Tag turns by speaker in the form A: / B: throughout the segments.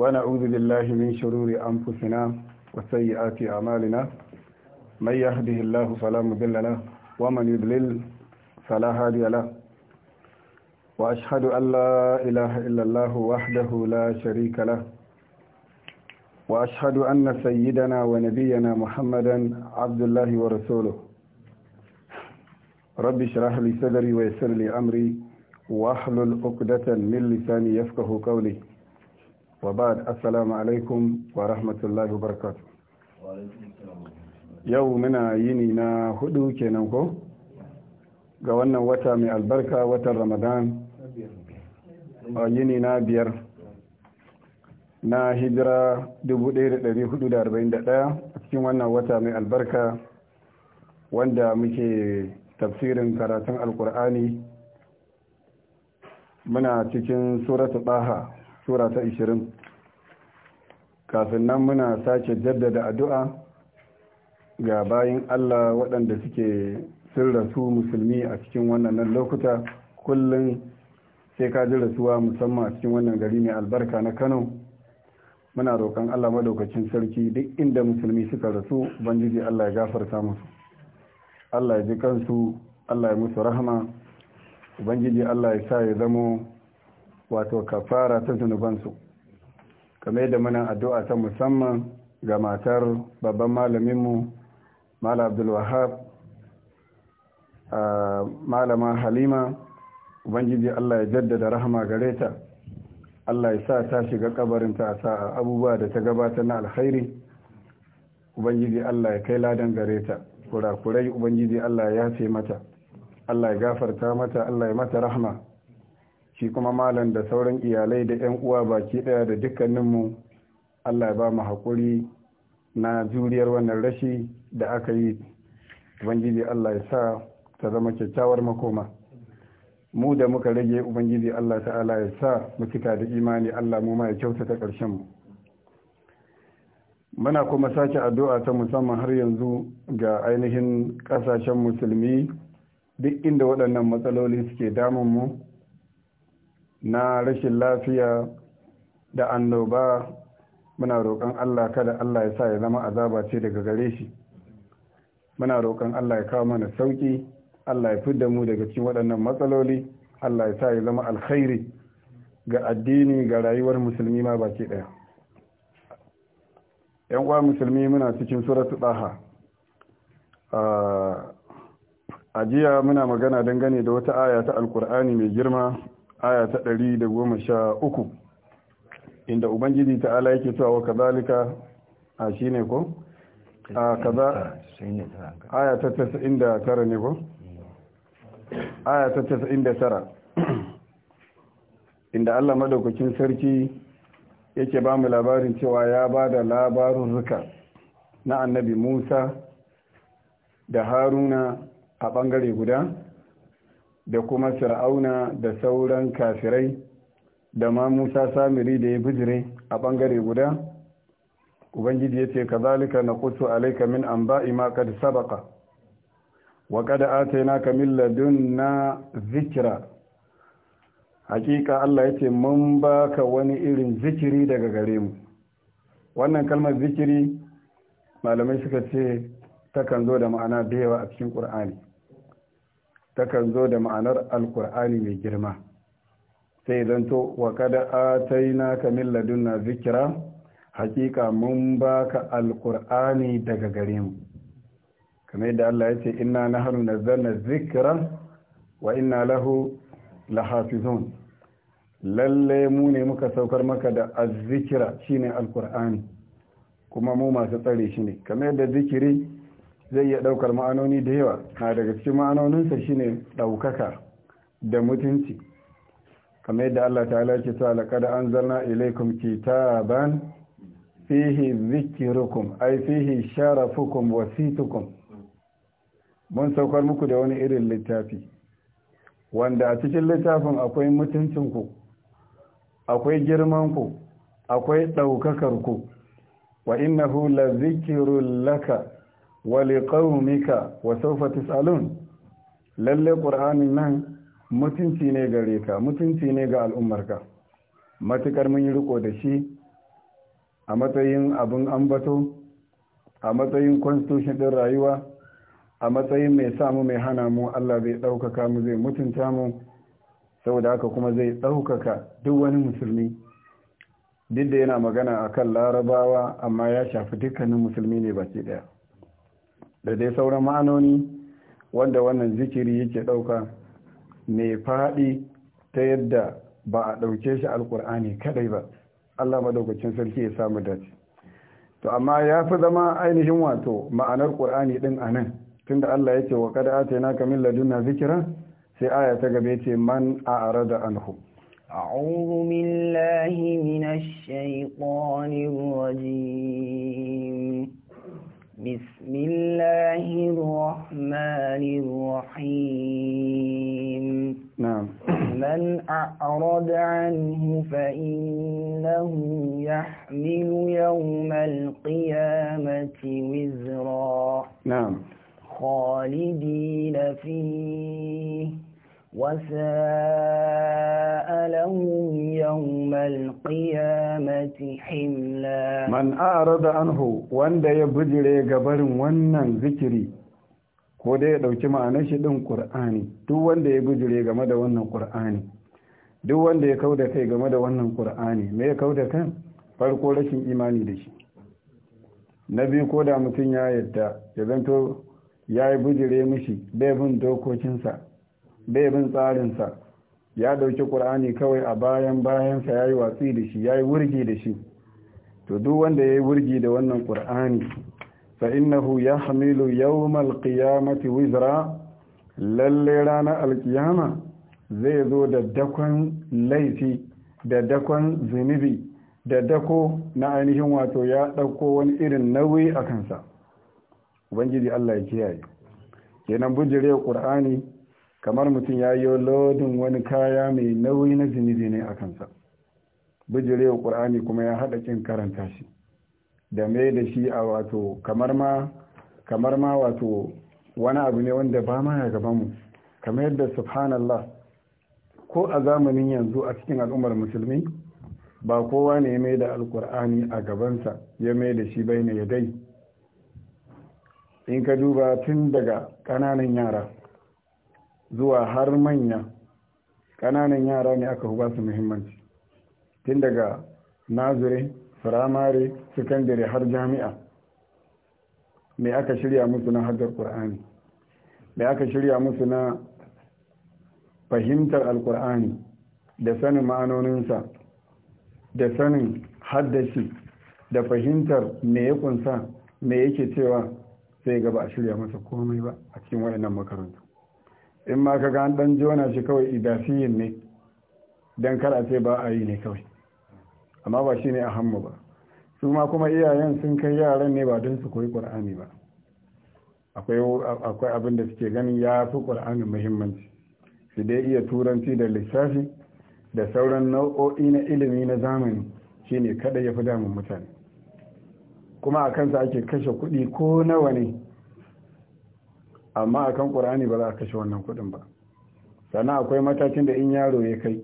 A: ونعوذ بالله من شرور أنفسنا وسيئات أعمالنا من يهده الله فلا مضل له ومن يضلل فلا هادي له وأشهد أن لا إله إلا الله وحده لا شريك له وأشهد أن سيدنا ونبينا محمدا عبد الله ورسوله رب اشرح لي صدري ويسر لي أمري واحلل عقدة من لساني يفقه قولي wa ba'ad assalamu alaikum wa rahmatullahi wa barakatuh yau muna yini na hudu kenan ko ga wannan wata mai albarka watan ramadan a yini na biyar na hijira 1441 a cikin wannan wata mai albarka wanda muke tafsirin karatun alkur'ani muna cikin suratu baha sura ta 20 kafin nan muna sake jaddada addu'a ga bayan Allah waɗanda suke sun rasu musulmi a cikin wannan lokuta kullum sai ka ji rasuwa musamman a cikin wannan gari mai albarka na Kano muna roƙon Allah madaukakin sarki duk inda musulmi suka rasu jiji Allah ya gafarta musu Allah ya ji kansu Allah ya musu rahama ubangiji Allah ya sa ya zama wato kafara ta zunubansu kamar yadda muna addu'a ta musamman ga matar babban malaminmu mala abdulwahab malama halima ubangiji allah ya jaddada rahama gare ta allah ya sa ta shiga kabarinta a sa'a abubuwa da ta gabata na alkhairi ubangiji allah ya kai ladan gare ta kurakurai ubangiji allah ya yafe mata allah ya gafarta mata allah ya mata rahama shi kuma malam da sauran iyalai da 'yan uwa baki ɗaya da dukkaninmu allah ya ba mu haƙuri na juriyar wannan rashi da aka yi ubangiji allah ya sa ta zama kyakkyawar makoma mu da muka rage ubangiji allah ta'ala ya sa mu da imani allah mu ma ya kyautata ƙarshen mu muna kuma sake addu'a ta musamman har yanzu ga ainihin ƙasashen musulmi duk inda waɗannan matsaloli suke damun mu na rashin lafiya da annoba muna roƙon Allah kada Allah ya sa ya zama azaba ce daga gare shi muna roƙon Allah ya kawo mana sauki Allah ya fidda mu daga cikin waɗannan matsaloli Allah ya sa ya zama alkhairi ga addini ga rayuwar musulmi ma baki ɗaya yan uwa musulmi muna cikin suratu ɗaha a jiya muna magana dangane da wata aya ta alkur'ani mai girma aya ta ɗari da goma sha uku inda ubangiji ta ala yake cewa wa kazalika a shi ne ko? a kaza aya ta tasa inda tara ne ko? aya ta tasa inda tara inda allah madaukakin sarki yake ba mu labarin cewa ya ba da labarin ruka na annabi musa da haruna a ɓangare guda da kuma fir'auna da sauran kafirai da ma musa samiri da ya bijire a ɓangare guda ubangiji ya ce kazalika na kusu alaika min an ba'i ma kad sabaka wa kada atayna ka min na zikira hakika Allah ya ce mun baka wani irin zikiri daga gare mu wannan kalmar zikiri malamai suka ce takan zo da ma'ana da yawa a cikin ƙur'ani takan zo da ma'anar alkur'ani mai girma sai zan to wa kada taina ka min ladunna zikira hakika mun baka alkur'ani daga gare mu kamar yadda Allah ya ce inna na nazzalna zikra wa inna lahu lahafizun lalle mu ne muka saukar maka da azikira shine alkur'ani kuma mu masu tsare shine ne kamar yadda zikiri zai iya ɗaukar ma'anoni da yawa na daga cikin ma'anoninsa shine ɗaukaka da mutunci kamar yadda Allah ta'ala ce ta laqad anzalna ilaykum kitaban fihi dhikrukum ay fihi sharafukum wa situkum mun saukar muku da wani irin littafi wanda a cikin littafin akwai mutuncin mutuncinku akwai girmanku akwai ɗaukakarku wa innahu la zikrun laka wa liqaumika wa sawfa alun? lalle qur'anin nan mutunci ne gare ka mutunci ne ga al'ummarka matukar mun yi riko da shi a matsayin abin ambato a matsayin constitution din rayuwa a matsayin mai samu mai hana mu Allah zai ɗaukaka mu zai mutunta mu saboda haka kuma zai ɗaukaka duk wani musulmi duk da yana magana akan larabawa amma ya shafi dukkanin musulmi ne baki ɗaya da dai sauran ma'anoni wanda wannan zikiri yake ɗauka mai faɗi ta yadda ba a ɗauke shi alkur'ani kadai ba allah madaukacin sarki ya samu dace to amma ya fi zama ainihin wato ma'anar ƙur'ani ɗin a nan tunda allah ya ce wa kada ate na kamin laduna zikira sai aya ta gabe ce man a ara da anhu
B: أعوذ بالله من الشيطان الرجيم بسم الله الرحمن الرحيم نعم من أعرض عنه فإنه يحمل يوم القيامة وزرا نعم خالدين فيه وساء لهم يوم القيامة حملا من
A: أعرض عنه وان دا يبجري قبر وانا ذكري ko dai ya ɗauki ma'anar shi ɗin ƙur'ani duk wanda ya bijire game da wannan ƙur'ani duk wanda ya kauda kai game da wannan ƙur'ani me ya kauda kan farko rashin imani da shi na biyu ko da mutum ya yadda ya zanto ya yi mishi bai bin dokokinsa bai bin tsarinsa ya dauki ƙur'ani kawai a bayan bayansa ya yi watsi da shi ya yi wurgi da shi to duk wanda ya yi wurgi da wannan ƙur'ani fa innahu ya hamilu yawmal qiyamati wizra lalle ranar alkiyama zai zo da dakon laifi da dakon zunubi da dako na ainihin wato ya ɗauko wani irin nauyi a kansa ubangiji allah ya kiyaye kenan bujire ƙur'ani kamar mutum ya yi lodin wani kaya mai nauyi na zunubi ne a kansa bijirewa ƙur'ani kuma ya haɗa ƙin karanta shi da mai da shi a wato kamar ma wato wani abu ne wanda ba ma ya gaba mu kamar yadda subhanallah ko a zamanin yanzu a cikin al'ummar musulmi ba kowa ne ya mai da alkur'ani a gabansa ya mai da shi bai ya dai in ka duba tun daga ƙananan yara zuwa har manya ƙananan yara ne aka ba su muhimmanci tun daga nazire firamare sakandare har jami'a mai aka shirya musu na hajjar ƙur'ani mai aka shirya musu na fahimtar alƙur'ani da sanin ma'anoninsa da sanin haddashi da fahimtar me ya kunsa me yake cewa sai gaba a shirya masa komai ba a cikin waɗannan makarantu in ma ka ga an dan jona shi kawai idafiyin ne dan kar a ce ba a yi ne kawai amma ba shi ne a ba su ma kuma iyayen sun kai yaran ne ba don su koyi qur'ani ba akwai abin da suke ganin ya fi ƙur'anin muhimmanci su dai iya turanci da lissafi da sauran nau'o'i na ilimi na zamani shine kada ya fi damun mutane kuma a kansa ake kashe kuɗi ko nawa ne amma akan ƙur'ani ba za a kashe wannan kuɗin ba sannan akwai matakin da in yaro ya kai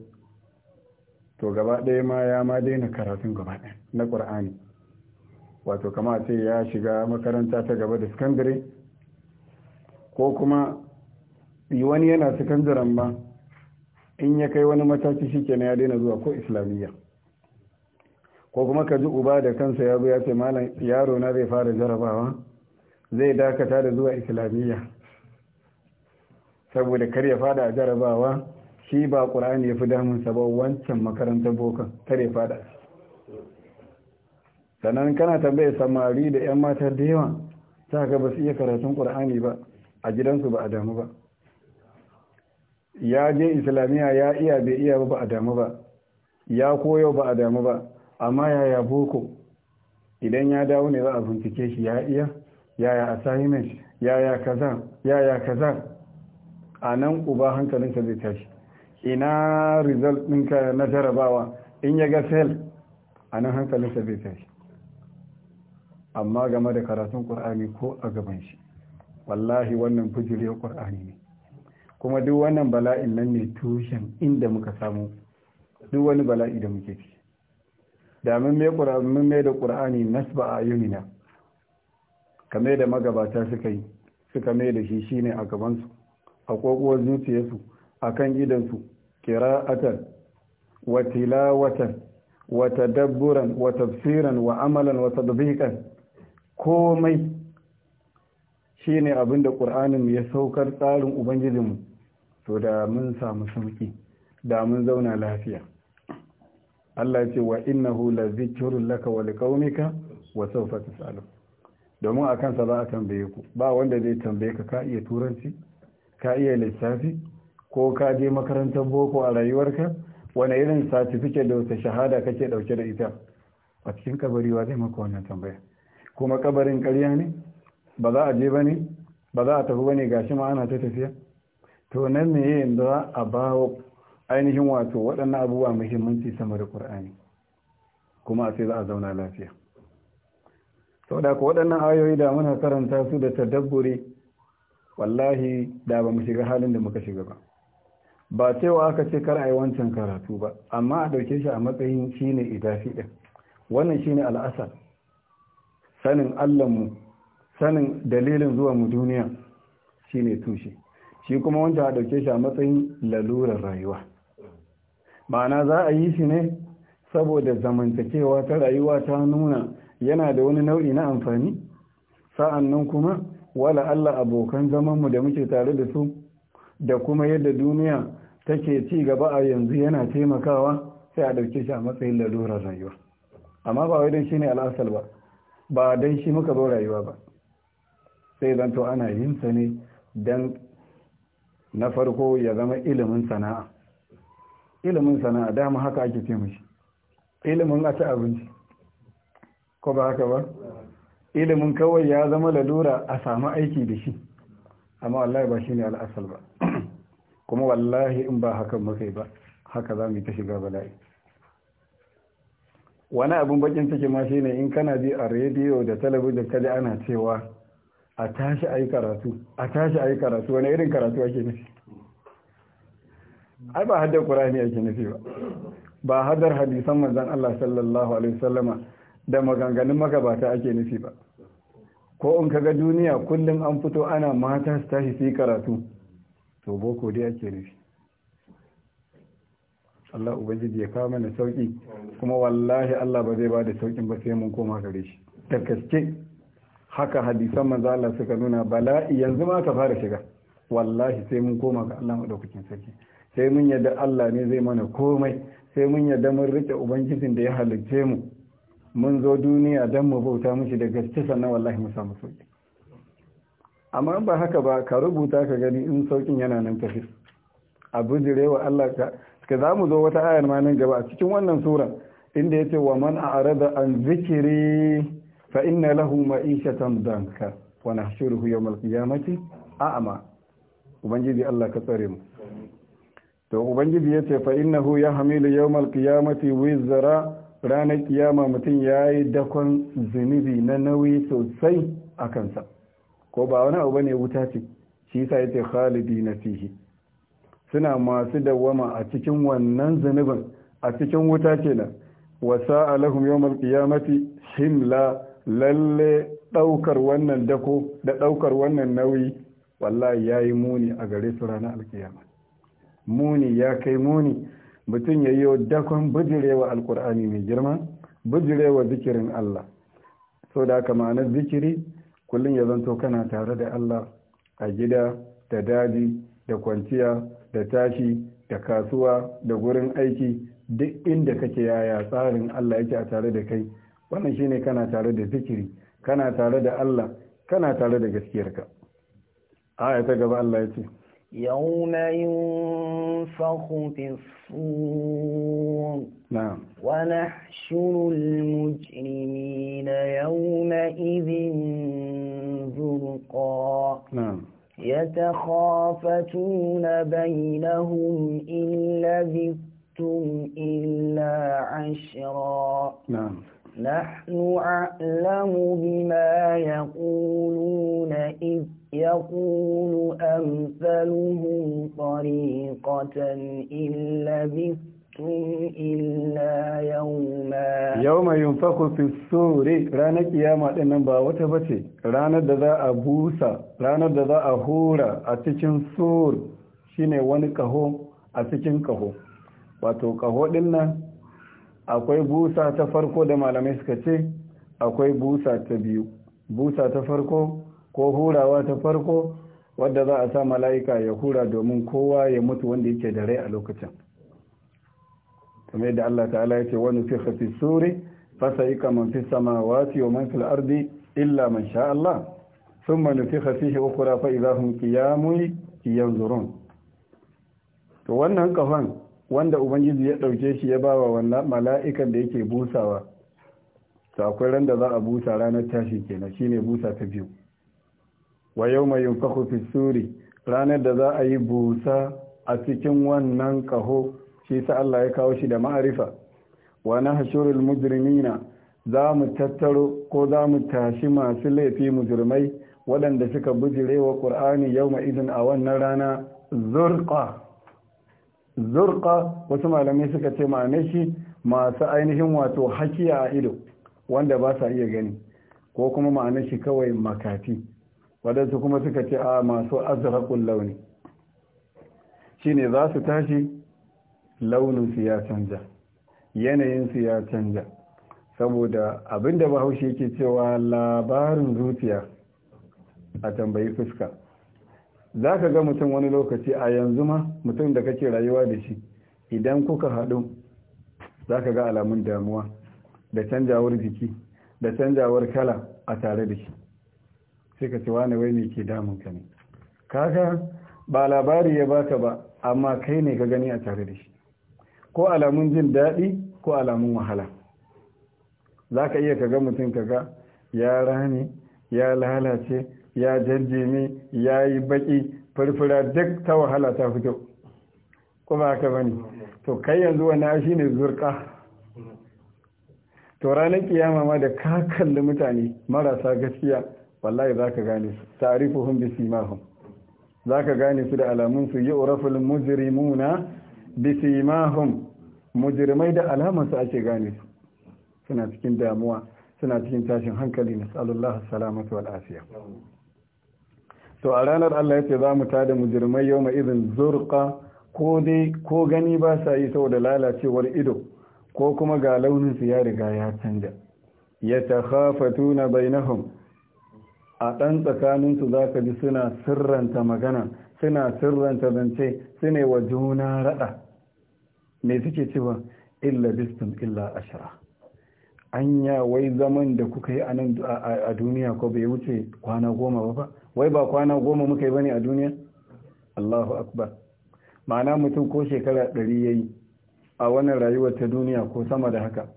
A: to gaba ɗaya ma ya ma daina karatun gaba na ƙur'ani wato kama ce ya shiga makaranta ta gaba da sakandare ko kuma wani yana sakandaren ba in ya kai wani mataki shi kenan ya daina zuwa ko islamiyya ko kuma ka ji uba da kansa ya zo ya ce malam yaro na zai fara jarabawa zai dakata da zuwa islamiyya saboda kar ya fada a jarabawa shi ba ƙur'ani ya fi damun sa ba wancan makarantar bokan kar ya fada sannan kana tambayar samari da 'yan mata da yawa ta ga ba su iya karatun ƙur'ani ba a gidansu ba a damu ba ya je islamiyya ya iya bai iya ba a damu ba ya koyo ba a damu ba amma yaya boko idan ya dawo ne za a bincike shi ya iya yaya assignment yaya kaza yaya kaza a nan uba hankalinsa zai tashi ina result ɗinka na jarabawa in ya ga fail a nan hankalinka zai tashi amma game da karatun ƙur'ani ko a gaban shi wallahi wannan fujire ƙur'ani ne kuma duk wannan bala'in nan ne tushen inda muka samu duk wani bala'i da muke ci da mai da Kur'ani nasba a yunina kame da magabata suka yi suka mai da shi shi ne a gabansu a kokowar zuciyarsu a kan gidansu kira'atan wa tilawatan wa tadabburan wa tafsiran wa amalan wa tadbiqan komai shine abinda qur'anin ya saukar tsarin ubangijinmu to da mun samu sauki da mun zauna lafiya Allah ya ce wa innahu la zikrun laka wa liqaumika wa sawfa domin akan sa za a tambaye ku ba wanda zai tambaye ka ka iya turanci ka iya lissafi ko ka je makarantar boko a rayuwarka wani irin certificate da wata shahada kake dauke da ita a cikin kabari wa zai maka wannan tambaya kuma kabarin karya ne ba za a je ba ne ba za a tafi ba ne gashi ma ana ta tafiya to nan ne yin da a ainihin wato waɗannan abubuwa muhimmanci sama da ƙur'ani kuma a sai za a zauna lafiya sau da waɗannan ayoyi da muna karanta su da tadabbure wallahi da ba mu shiga halin da muka shiga ba ba cewa aka ce kar a yi wancan karatu ba amma a ɗauke shi a matsayin shi ne idafi ɗin wannan shi al'asar sanin mu sanin dalilin zuwa mu duniya shi tushe shi kuma wanda a ɗauke shi a matsayin lalurar rayuwa ma'ana za a yi shi ne saboda zamantakewa ta rayuwa ta nuna yana da wani nau'i na amfani sa'annan kuma wala Allah abokan zamanmu da muke tare da su da kuma yadda duniya take ci gaba a yanzu yana taimakawa sai a ɗauke shi a matsayin lalurar rayuwa amma ba wai dan shi ne al'asal ba ba don shi muka zo rayuwa ba sai to ana yin sa ne don na farko ya zama ilimin sana'a ilimin sana'a dama haka ake ce mishi ilimin a ci abinci ko ba haka ba ilimin kawai ya zama lalura a samu aiki da shi amma wallahi ba shi ne al'asal ba kuma wallahi in ba hakan mukai ba haka za mu ta shiga bala'i wani abin bakin ciki ma ne in kana ji a rediyo da talabijin kaji ana cewa a tashi a yi karatu a tashi a yi karatu wani irin karatu ake nufi ai ba haddar qur'ani ake nufi ba ba haddar hadisan manzon Allah sallallahu alaihi wasallama da maganganun magabata ake nufi ba ko in kaga duniya kullum an fito ana mata su tashi su yi karatu to boko dai ake nufi Allah ubangiji ya kama mana sauki kuma wallahi Allah ba zai ba da saukin ba sai mun koma gare shi da gaske haka hadisan manzo Allah suka nuna bala'i yanzu ma ka fara shiga wallahi sai mun koma ga Allah madaukakin sarki sai mun yadda Allah ne zai mana komai sai mun yadda mun rike ubangijin da ya halicce mu mun zo duniya don mu bauta mishi da gaske sannan wallahi mu samu sauki amma ba haka ba ka rubuta ka gani in saukin yana nan tafi a bujirewa Allah ka ka za mu zo wata ayar ma nan gaba a cikin wannan sura inda yace wa man a'rada an zikiri fa inna lahu ma'ishatan danka wa nahshuruhu yawmal qiyamati a'ma ubangiji Allah ka tsare mu to ubangiji yace fa innahu yahmilu yawmal qiyamati wizra ranar kiyama mutum ya yi dakon zunubi na nauyi sosai a kansa ko ba wani abu ne wuta ce shi sa yace khalidi na fihi suna masu dawama a cikin wannan zunubin a cikin wuta ce na wasa alahum yawmal qiyamati himla lalle daukar wannan dako da daukar wannan nauyi wallahi yi muni a gare su ranar alkiyama muni ya kai muni mutum ya yi wa dakon bijirewa alkur'ani mai girma bijirewa zikirin Allah so da haka ma'anar zikiri kullum ya zanto kana tare da Allah a gida da daji da kwanciya da tashi da kasuwa da gurin aiki duk inda kake yaya tsarin Allah yake a tare da kai wannan shine kana tare da zikiri kana tare da Allah kana tare da gaskiyarka aya ta gaba Allah ya ce
B: يوم ينفخ في الصور نعم ونحشر المجرمين يومئذ زرقا نعم يتخافتون بينهم إن لبثتم إلا عشرا نعم نحن أعلم بما يقولون إذ يقول أمثلهم طريقة إن لبثتم إلا يوما
A: يوم ينفخ في السور رانا كياما دينن با wata bace ranar da za a busa ranar da za a hura a cikin sur shine wani kaho a cikin kaho wato kaho din nan akwai busa ta farko da malamai suka ce akwai busa ta biyu busa ta farko ko hurawa ta farko wadda za a sa mala'ika ya hura domin kowa ya mutu wanda yake da rai a lokacin kamar yadda Allah ta'ala yake wani fi hafi suri fasa ika man fi samawati wa man fil ardi illa man sha Allah sun shi hafihi ukura fa idahun kiyamun yanzurun to wannan kafan wanda ubangiji ya ɗauke shi ya bawa wannan mala'ikan da yake busawa to akwai ran za a busa ranar tashi kenan shine busa ta biyu wa yau mai yunfaku fi suri ranar da za a yi busa a cikin wannan kaho shi sa Allah ya kawo shi da ma'arifa wa na hashurul mujrimina za mu tattaro ko za mu tashi masu laifi mujrimai waɗanda suka bujire wa ƙur'ani yau mai izin a wannan rana zurƙa zurƙa wasu malamai suka ce ma'anar shi masu ainihin wato hakiya a ido wanda ba sa iya gani ko kuma ma'anar shi kawai makafi wadansu kuma suka ce a masu ne launi ne za su tashi launinsu ya canja yanayinsu ya canja saboda abinda bahaushe ke cewa labarin zuciya a tambayi fuska za ka ga mutum wani lokaci a yanzu ma mutum da kake rayuwa da shi idan kuka haɗu za ka ga alamun damuwa da canjawar jiki da canjawar kala a tare da shi sai ka ce wani wai ne ke damun ka ne kaga ba labari ya baka ba amma kai ne ka gani a tare da shi ko alamun jin daɗi ko alamun wahala za ka iya kaga mutum kaga ya rani, ya lalace ya ne ya yi baƙi, furfura duk ta wahala ta fito kuma haka bane to kai yanzu wani shi ne zurka to ranar kiyama ma da ka kalli mutane marasa gaskiya wallahi za ka gane su ta'rifuhum bi simahum za ka gane su da alamun su yu'raful mujirimuna bi simahum mujrimai da alaman ake gane su suna cikin damuwa suna cikin tashin hankali nas'alullah salamatu wal afiya to a ranar Allah yace za mu tada mujrimai yawma izin zurqa ko dai ko gani ba sa yi saboda lalacewar ido ko kuma ga launin su ya riga ya canja yatakhafatu na bainahum a ɗan tsakaninsu za ka ji suna sirranta magana suna sirranta zance su ne wa juna raɗa me suke cewa illa bistum illa ashara anya wai zaman da kuka yi a duniya ko bai wuce kwana goma ba wai ba kwana goma muka yi bane a duniya Allahu akbar ma'ana mutum ko shekara ɗari ya yi a wannan rayuwar ta duniya ko sama da haka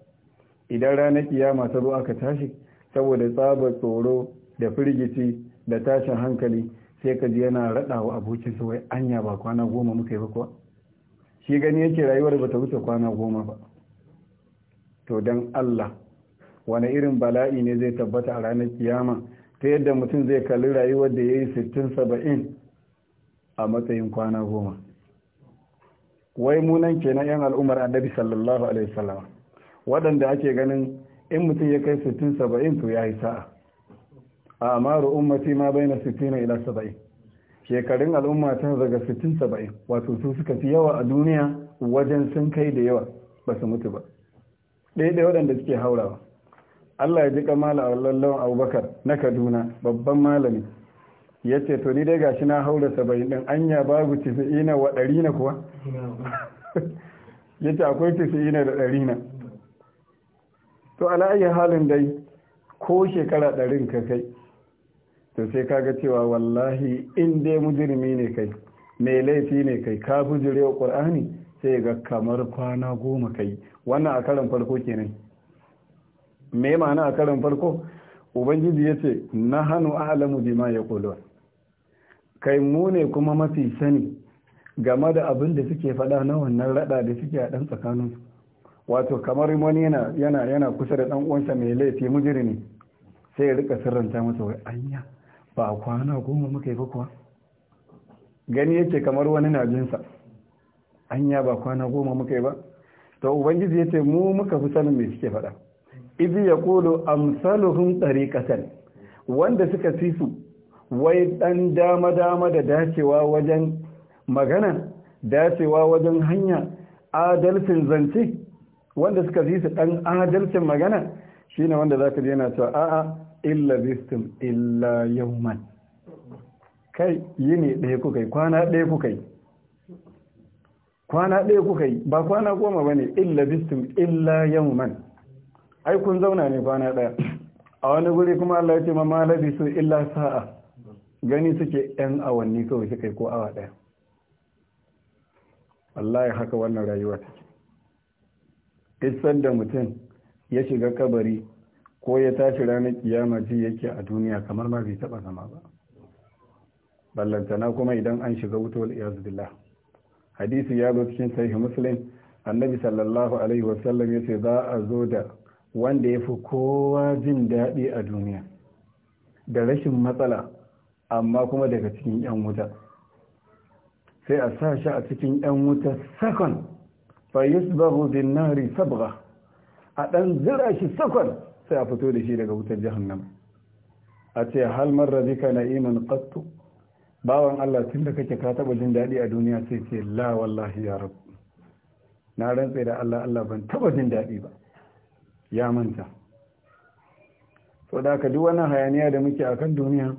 A: idan ranar kiyama ta zo aka tashi saboda tsabar tsoro da firgici da tashin hankali sai ka ji yana raɗa wa abokinsa wai anya ba kwana goma muka yi kuwa shi gani yake rayuwar ba ta wuce kwana goma ba to don Allah wani irin bala'i ne zai tabbata a ranar kiyama ta yadda mutum zai kalli rayuwar da ya yi sittin saba'in a matsayin kwana goma wai munan kenan yan al'ummar annabi sallallahu alaihi wasallam waɗanda ake ganin in mutum ya kai sittin saba'in to ya yi sa'a a amaru ummati ma bai na 60 ila 70 shekarun al'umma ta daga 60-70 wato su suka fi yawa a duniya wajen sun kai da yawa ba su mutu ba ɗaya da waɗanda suke haurawa Allah ya ji kamala a lallon abubakar na kaduna babban malami ya ce to ni dai gashi na haura saba'in ɗin anya babu tisi'ina wa ɗari na kuwa ya ce akwai tisi'ina da ɗari na to ala'ayi halin dai ko shekara ɗarin ka kai to sai kaga cewa wallahi in dai mujirmi ne kai mai laifi ne kai ka bujire wa qur'ani sai ga kamar kwana goma kai wannan a karan farko kenan me ma'ana a karan farko ubangiji yace hannu a'lamu bima yaqulun kai mu ne kuma mafi sani game da abin da suke faɗa na wannan rada da suke a ɗan tsakanin wato kamar wani yana yana kusa da ɗan uwansa mai laifi mujirmi sai ya rika sirranta masa wai anya ba kwana goma muka yi ba kuwa gani yake kamar wani na jinsa anya ba kwana goma muka yi ba to ubangiji ya ce mu muka fi sanin mai suke faɗa izi ya kolo amsaluhun ɗari ƙasar wanda suka fi su wai ɗan dama-dama da dacewa wajen magana dacewa wajen hanya adalcin zance wanda suka fi su ɗan adalcin magana shine wanda za ka je yana cewa a'a illa bistum illa yawman kai yini ɗaya kuka yi kwana ɗaya kuka yi kwana ɗaya kuka yi ba kwana goma ba ne illa bistum illa yawman ai kun zauna ne kwana ɗaya a wani guri kuma Allah ya ce ma malabi su illa sa'a gani suke yan awanni kawai suka yi ko awa ɗaya wallahi haka wannan rayuwa take isan da mutum ya shiga kabari ko ya tashi ranar kiyama ji yake a duniya kamar ma bai taba zama ba ballantana kuma idan an shiga wuta wal billah hadisi ya zo cikin sahih muslim annabi sallallahu alaihi wasallam yace za a zo da wanda yafi kowa jin daɗi a duniya da rashin matsala amma kuma daga cikin yan wuta sai a sa shi a cikin yan wuta sakon fa yusbahu bin nari sabgha a dan zira shi sakon sai a fito da shi daga wutar jahannama a ce hal marradika na'iman qattu bawan Allah tun da kake ka taba jin daɗi a duniya sai ce la wallahi ya rabu na rantse da Allah Allah ban taba jin daɗi ba ya manta so da ka duk wannan hayaniya da muke a kan duniya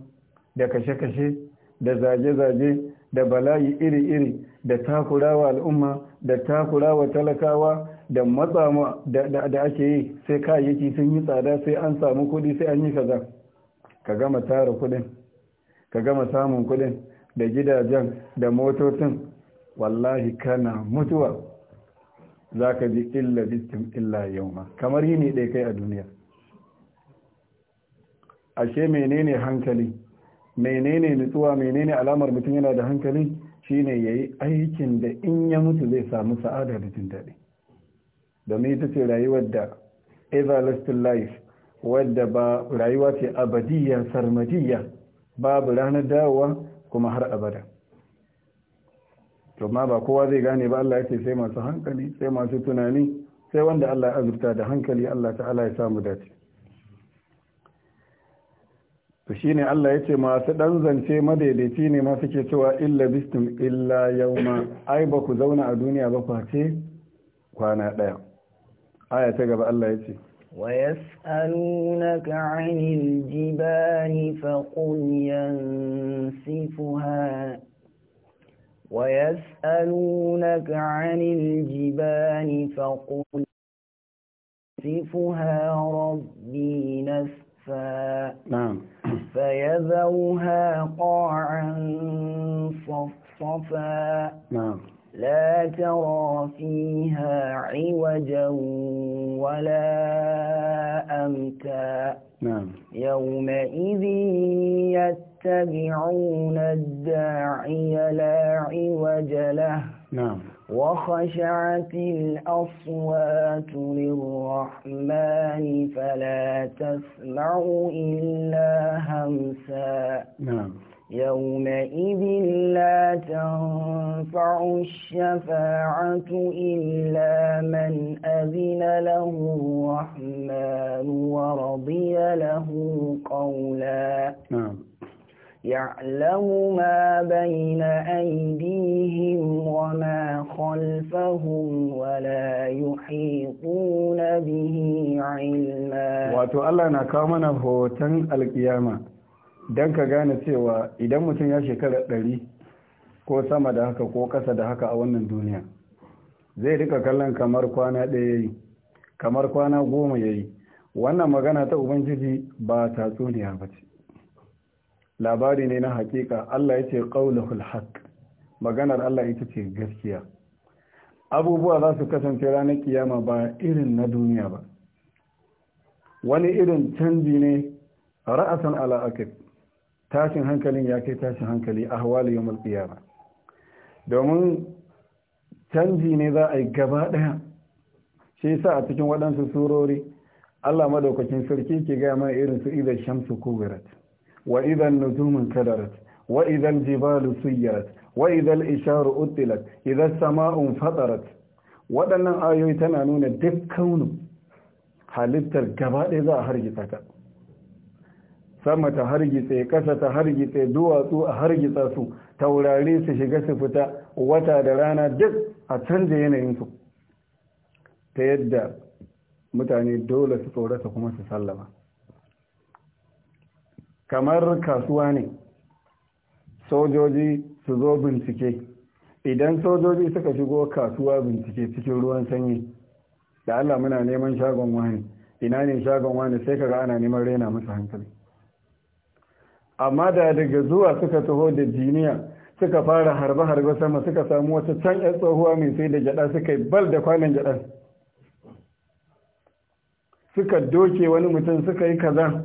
A: da kashe-kashe da zaje-zaje, da bala'i iri-iri da takurawa al'umma da takurawa talakawa da matsama da ake yi sai kayayyaki sun yi tsada sai an samu kudi sai an yi kaza ka gama tara kudin ka gama samun kudin da gidajen da motocin wallahi kana mutuwa za ka ji illa bistin illa yau ma. kamar yi ne ɗai kai a duniya ashe menene hankali menene nutsuwa menene alamar mutum yana da hankali shine yayi aikin da in ya mutu zai samu sa'ada da jin daɗi domin ita ce rayuwar da everlasting life wadda ba rayuwa ce abadiyya sarmadiyya babu ranar dawowa kuma har abada to ma ba kowa zai gane ba Allah yake sai masu hankali sai masu tunani sai wanda Allah ya azurta da hankali Allah ta'ala ya samu dace to shine Allah yace masu dan zance madaidaici ne ma suke cewa illa bistum illa yawma ai ba ku zauna a duniya ba face kwana ɗaya. آية ta بقى Allah ya
B: ويسألونك عن الجبال فقل ينسفها ويسألونك عن الجبال فقل ينسفها ربي نسفا نعم فيذوها قاعا صفصفا نعم لا ترى فيها عوجا ولا أمتا نعم يومئذ يتبعون الداعي لا عوج له نعم وخشعت الأصوات للرحمن فلا تسمع إلا همسا نعم يومئذ لا تنفع الشفاعة إلا من أذن له الرحمن ورضي له قولا نعم يعلم ما بين أيديهم وما خلفهم ولا يحيطون به علما
A: وتؤلنا كامنا فوتن القيامة don ka gane cewa idan mutum ya shekara ɗari ko sama da haka ko ƙasa da haka a wannan duniya zai rika kallon kamar kwana ɗaya yi kamar kwana goma ya yi wannan magana ta ubangiji ba tatsuniya ba ce labari ne na hakika Allah ya ce ƙaunahul haq maganar Allah ita ce gaskiya abubuwa za su kasance ranar kiyama ba irin na duniya ba wani irin canji ne ra'asan ala tashin hankalin ya kai tashin hankali a hawali yau malƙiyama domin canji ne za a yi gaba ɗaya shi sa a cikin waɗansu surori allah maɗaukacin sarki ke gaya mana irin su idan shamsu kubirat wa idan nujumin kadarat wa idan jibalu suyarat wa idan isharu uttilat idan sama'un fatarat waɗannan ayoyi tana nuna duk kaunin halittar gaba ɗaya za a hargitsa ka sama ta hargitse kasa ta hargitse duwatsu a hargitsa su taurari su shiga su fita wata da rana duk a canza yanayin su ta yadda mutane dole su tsorata kuma su sallama kamar kasuwa ne sojoji su zo bincike idan sojoji suka shigo kasuwa bincike cikin ruwan sanyi da allah muna neman shagon wani ina ne shagon wani sai kaga ana neman rena masa hankali amma da daga zuwa suka taho da jiniya suka fara harbe-harbe sama suka samu wata can yan tsohuwa mai sai da gyada suka yi bal da kwanan gyadan suka doke wani mutum suka yi kaza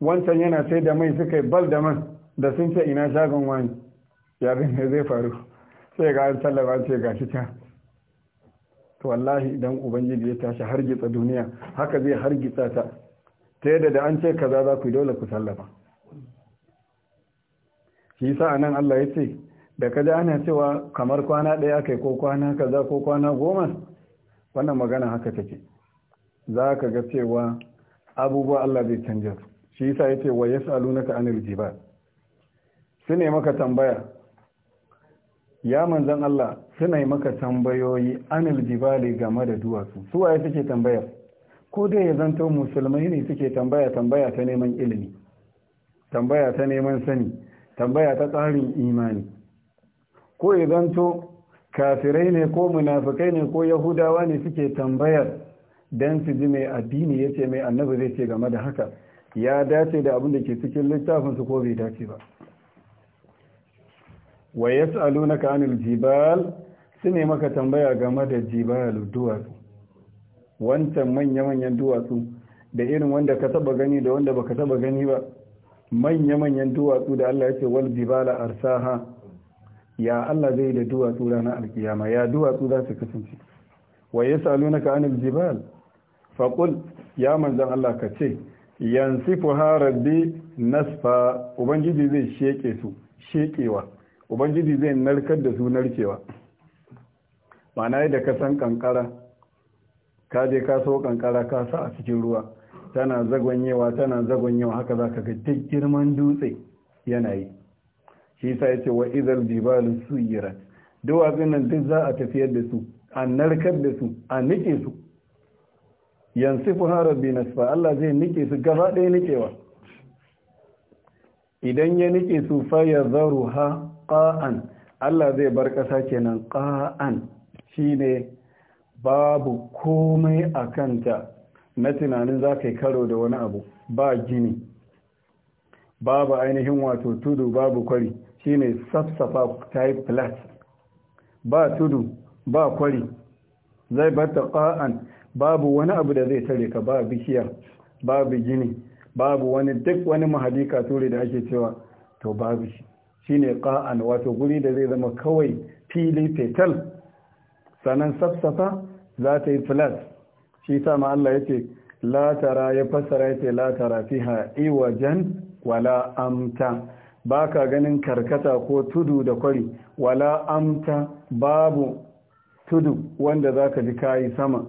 A: wancan yana sai da mai suka yi bal da man da sun ce ina shagon wani yarin ne zai faru sai ga an sallaba ce ga shi ta to wallahi idan ubangiji ya tashi hargitsa duniya haka zai hargitsa ta ta yadda da an ce kaza za ku dole ku sallaba shi sa nan Allah ya ce da ka ji ana cewa kamar kwana ɗaya aka ko kwana kaza ko kwana goma wannan magana haka take za ka ga cewa abubuwa Allah zai canja su shi yasa ce wa yasalunaka anil jibal su ne maka tambaya ya manzan Allah su ne maka tambayoyi anil jibali game da duwatsu su waye suke tambaya ko dai ya zanto musulmai ne suke tambaya tambaya ta neman ilimi tambaya ta neman sani tambaya ta tsarin imani ko izanto kafirai ne ko munafikai ne ko yahudawa ne suke tambayar dan su ji mai addini yace mai annabi zai ce game da haka ya dace da abin da ke cikin littafin su ko bai dace ba wa yas'alunaka anil jibal su ne maka tambaya game da jibal duwatsu wancan manya-manyan duwatsu da irin wanda ka taba gani da wanda baka taba gani ba manya-manyan duwatsu da Allah ya ce wal jibala arsaha ya Allah zai da duwatsu ranar alkiyama ya duwatsu za su kasance wa yasalunaka anil jibal faqul ya manzon Allah ka ce yansifuha rabbi nasfa ubangiji zai sheke su shekewa ubangiji zai narkar da su narkewa ma'ana yadda ka san kankara ka je ka so kankara ka sa a cikin ruwa tana zagonyewa tana zagonyewa haka za ka ga duk girman dutse yanayi. yi shi sa ya ce wa izar jibalu suyirat duwatsun nan duk za a tafiyar da su a narkar da su a nike su yansifu harabi nasfa Allah zai nike su gaba ɗaya nikewa idan ya nike su fa ya zaru ha ƙa'an Allah zai bar ƙasa kenan ƙa'an shine babu komai a kanta na tunanin za ka yi karo da wani abu ba gini babu ainihin wato tudu babu kwari shine safsafa ta yi flat ba tudu ba kwari zai bata ƙa'an babu wani abu da zai tare ka ba bishiya babu gini babu wani duk wani mahadika ture da ake cewa to babu shi shine ƙa'an wato guri da zai zama kawai fili fetal sannan safsafa za ta yi flat shi sa ma Allah yace la tara ya fassara ce la tara fiha wajen wala amta baka ganin karkata ko tudu da kwari wala amta babu tudu wanda zaka ji kai sama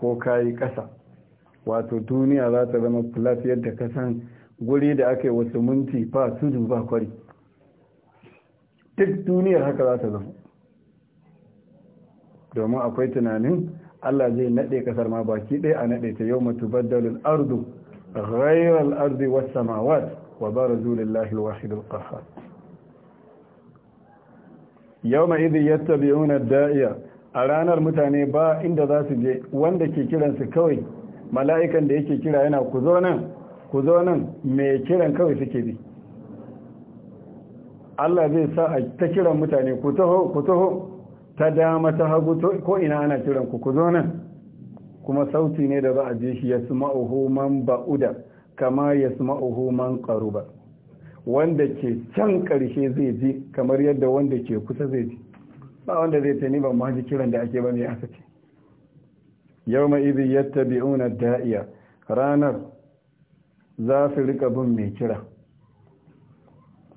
A: ko kai kasa wato duniya za ta zama flat yadda ka san guri da ake wasu minti ba tudu ba kwari duk duniyar haka za ta zama domin akwai tunanin Allah zai naɗe kasar ma baki ɗaya a naɗe ta yawma tubaddalu al-ardu ghayra ardi was-samawati wa barazu lillahi al-wahid al-qahhar yawma idh yattabi'una ad-da'iya a ranar mutane ba inda za su je wanda ke kiransu kawai mala'ikan da yake kira yana ku zo nan ku zo nan mai kiran kawai suke bi Allah zai sa a ta kiran mutane ku taho ku taho ta dama ta hagu ko ina ana kiran ku ku zo nan kuma sauti ne da za a je shi ya sma'uhu man ba'uda kama ya man qaruba wanda ke can karshe zai ji kamar yadda wanda ke kusa zai ji ba wanda zai tani ban ma ji kiran da ake ba mai aka ce yawma idh yattabi'una da'iya ranar za su rika bin mai kira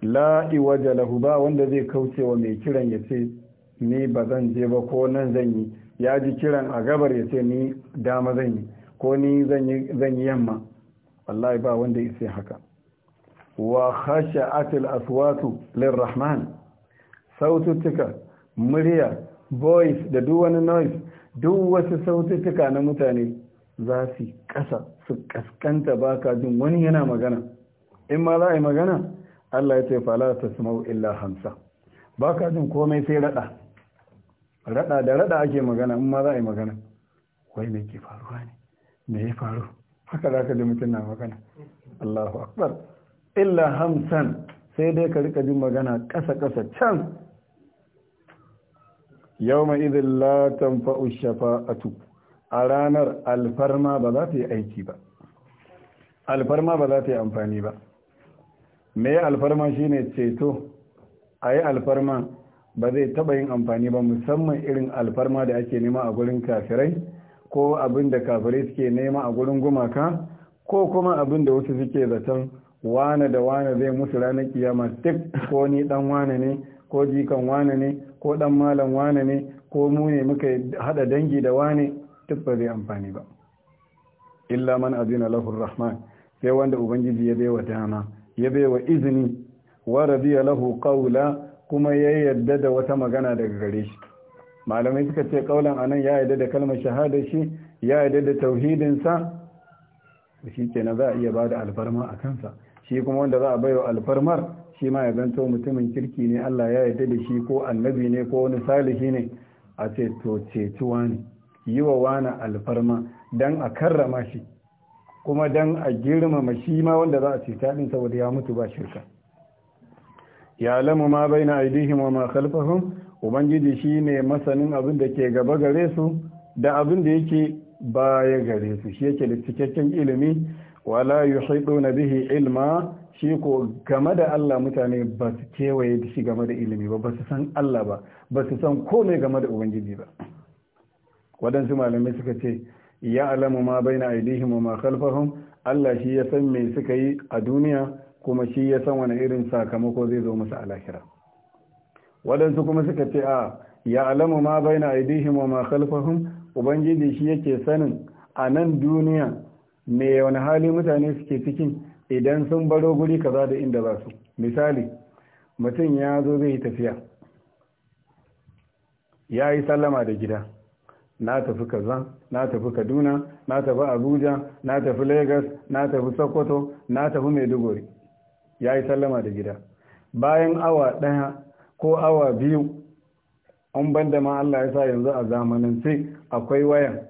A: la'i waje lahu ba wanda zai kauce wa mai kiran ya ce ni ba zan je ba ko nan zan yi ya ji kiran a gabar ya ce ni dama zan yi ko ni zan yi yamma wallahi ba wanda ya sai haka wa atil aswatu lirrahman saututtuka murya voice da duk wani noise duk wasu saututtuka na mutane za su kasa su kaskanta baka jin wani yana magana in ma za a yi magana Allah ya ce fala tasma'u illa hamsa baka jin komai sai raɗa. Raɗa da raɗa ake magana in ma za a yi magana wai me ke faruwa ne me ya faru haka za ka ji mutum na magana Allahu akbar illa hamsan sai dai ka rika jin magana ƙasa ƙasa can Yau yawma idhin la tanfa'u shafa'atu a ranar alfarma ba za ta yi aiki ba alfarma ba za ta yi amfani ba me alfarma shine ceto a yi alfarma ba zai taba yin amfani ba musamman irin alfarma da ake nema a gurin kafirai ko abin da kafirai suke nema a gurin gumaka ko kuma abin da wasu suke zaton wane da wane zai musu ranar kiyama duk ko ni dan wane ne ko jikan wane ne ko dan malam wane ne ko mu ne muka hada dangi da wane duk ba zai amfani ba illa man azina lahu rahman sai wanda ubangiji ya baiwa dama ya baiwa izini wa radiya lahu qawla kuma ya yarda da wata magana daga gare shi malamai suka ce kaulan anan ya yarda da kalmar shahada shi ya yarda da tauhidinsa shi ke na za a iya ba da alfarma a kansa shi kuma wanda za a baiwa alfarmar shi ma ya zanto mutumin kirki ne Allah ya yarda da shi ko annabi ne ko wani salihi ne a ce to cetuwa ne yi wa wani alfarma don a karrama shi kuma don a girmama shi ma wanda za a ceta ɗin saboda ya mutu ba shirka ya lamu ma bai na aidihim wa ma khalfahum ubangiji shi ne masanin abin da ke gaba gare su da abin da yake baya gare su shi yake da cikakken ilimi wala na bihi ilma shi ko game da Allah mutane ba su kewaye da shi game da ilimi ba ba su san Allah ba ba su san komai game da ubangiji ba waɗansu malamai suka ce ya alamu ma bai na aidihim wa ma khalfahum Allah shi ya san me suka yi a duniya kuma shi ya san wani irin sakamako zai zo musu a lahira waɗansu kuma suka ce a ya alamu ma bai na aidihim wa ma khalfahum ubangiji shi yake sanin a nan duniya me wani hali mutane suke cikin idan sun baro guri kaza da inda za su misali mutum ya zo zai yi tafiya ya yi sallama da gida na tafi kaza na tafi kaduna na tafi abuja na tafi lagos na tafi sokoto na tafi maiduguri ya yi sallama da gida bayan awa ɗaya ko awa biyu an banda ma Allah ya sa yanzu a zamanin sai akwai wayan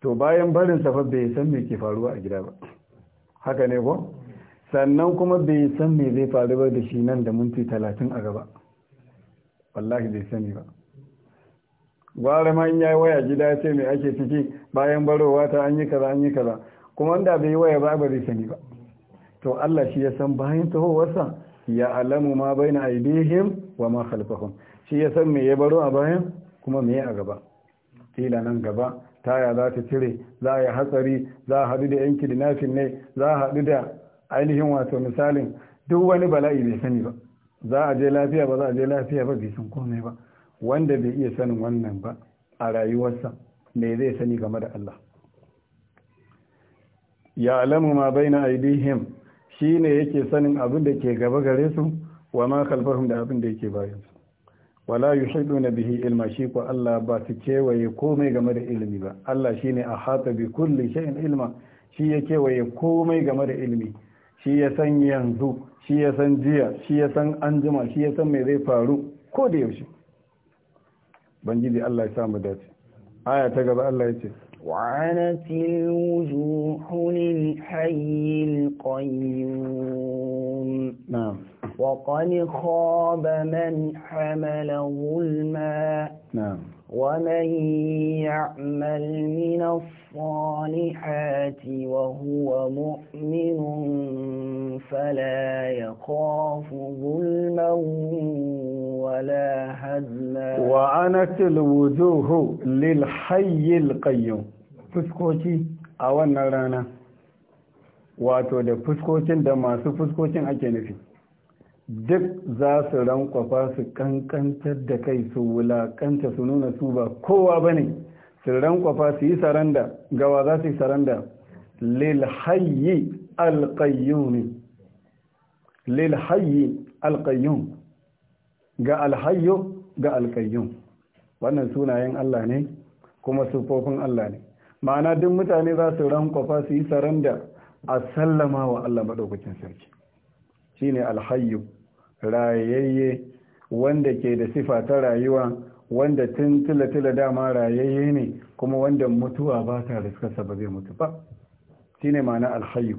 A: to bayan barin safa bai san me ke faruwa a gida ba haka ne ko sannan kuma bai san me zai faru ba da shi nan da minti talatin a gaba wallahi bai sani ba gwara ma in yayi waya gida sai me ake ciki bayan barowa ta an yi kaza an yi kaza kuma da bai waya ba ba zai sani ba to Allah shi ya san bayan tahowarsa ya alamu ma bai na aibihim wa ma khalfahum shi ya san me ya baro a bayan kuma me a gaba kila nan gaba taya za ta cire za a yi hatsari za a haɗu da yan kidnafin ne za a haɗu da ainihin wato misalin duk wani bala'i bai sani ba za a je lafiya ba za a je lafiya ba bai san komai ba wanda bai iya sanin wannan ba a rayuwarsa me zai sani game da Allah ya alamu ma baina aidihim shi ne yake sanin abin da ke gaba gare su wa ma kalfahun da abin da yake bayan su wala yushidu na bihi ilma shi ko Allah ba su kewaye komai game da ilimi ba Allah shi ne a hata bi kulli shay'in ilma shi ya kewaye komai game da ilimi shi ya san yanzu shi ya san jiya shi ya san anjima shi ya san me zai faru ko da yaushe Ban bangiji Allah ya samu dace aya ta gaba Allah ya ce
B: وعنت الوجوه للحي القيوم نعم وقد خاب من حمل ظلما نعم ومن يعمل من الصالحات وهو مؤمن فلا يخاف ظلما ولا هدما
A: وعنت الوجوه للحي القيوم فسكوتي أو النرانا واتو ده فسكوتين ده ما سو فسكوتين أكي نفي duk za su rankwafa su kankantar da kai su wulakanta su nuna su ba kowa ba ne su rankwafa su yi saranda gawa za su yi saranda lilhayi alkayyuni lilhayi alkayyun ga alhayyo ga alkayyun wannan sunayen Allah ne kuma sufofin Allah ne ma'ana duk mutane za su rankwafa su yi saranda a sallama wa Allah maɗaukacin sarki ne alhayyu rayayye wanda ke da sifa ta rayuwa wanda tun tila-tila dama rayayye ne kuma wanda mutuwa ba ta riskarsa ba zai mutu ba shi ne ma'ana alhayu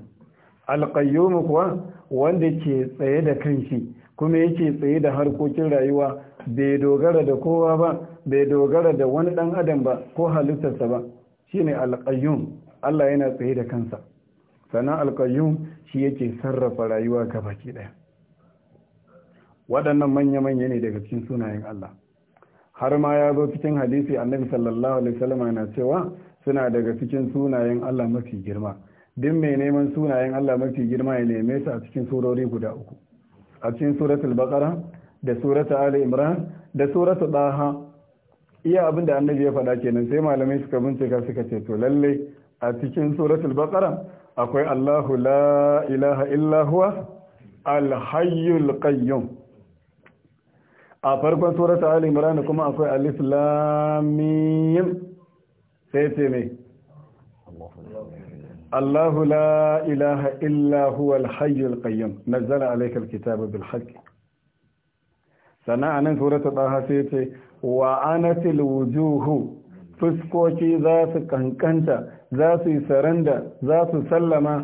A: alƙayyumu kuwa wanda ke tsaye da kanshi kuma yake tsaye da harkokin rayuwa bai dogara da kowa ba bai dogara da wani ɗan adam ba ko halittarsa ba shi ne alƙayyum allah yana tsaye da kansa sannan alƙayyum shi yake sarrafa rayuwa gabaki ɗaya waɗannan manya-manya ne daga cikin sunayen Allah har ma ya zo cikin hadisi annabi sallallahu alaihi wasallam yana cewa suna daga cikin sunayen Allah mafi girma duk mai neman sunayen Allah mafi girma ya neme su a cikin surori guda uku a cikin suratul baqara da suratul ali imran da suratul daha iya abinda annabi ya faɗa kenan sai malamai suka bincika suka ce to lalle a cikin suratul baqara akwai Allahu la ilaha illa huwa al-hayyul qayyum a farkon surata ali imran kuma akwai alif lam mim sai ce me Allahu la ilaha illa huwa al-hayyul qayyum nazzala alayka al-kitaba bil haqq sannan surata taha sai ce wa anatil wujuhu fuskoki za su kankanta za su yi saranda za su sallama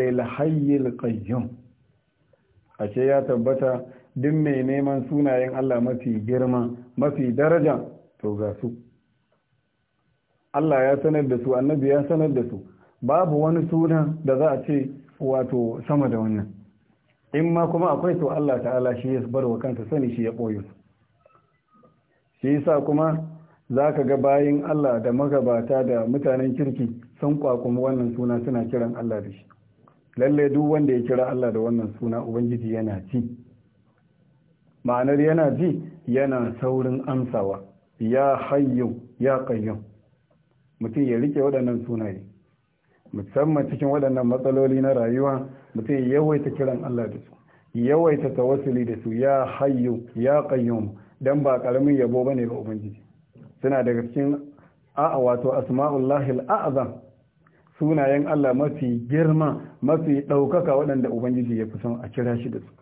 A: lil hayyul qayyum ashe ya tabbata duk mai neman sunayen Allah mafi girma mafi daraja to ga su Allah ya sanar da su annabi ya sanar da su babu wani suna da za a ce wato sama da wannan in ma kuma akwai to Allah ta'ala shi ya bar wa kansa sani shi ya ɓoye su shi yasa kuma za ka ga bayin Allah da magabata da mutanen kirki sun kwakumi wannan suna suna kiran Allah da shi lalle duk wanda ya kira Allah da wannan suna ubangiji yana ci ma'anar yana ji yana saurin amsawa ya hayyu ya qayyum mutum ya rike waɗannan sunaye musamman cikin waɗannan matsaloli na rayuwa mutum ya yawaita kiran Allah da su yawaita tawassuli da su ya hayyu ya qayyum dan ba karamin yabo bane ga ubangiji suna daga cikin a'a wato asma'ullahil a'zam sunayen Allah mafi girma mafi ɗaukaka waɗanda ubangiji ya fi son a kira shi da su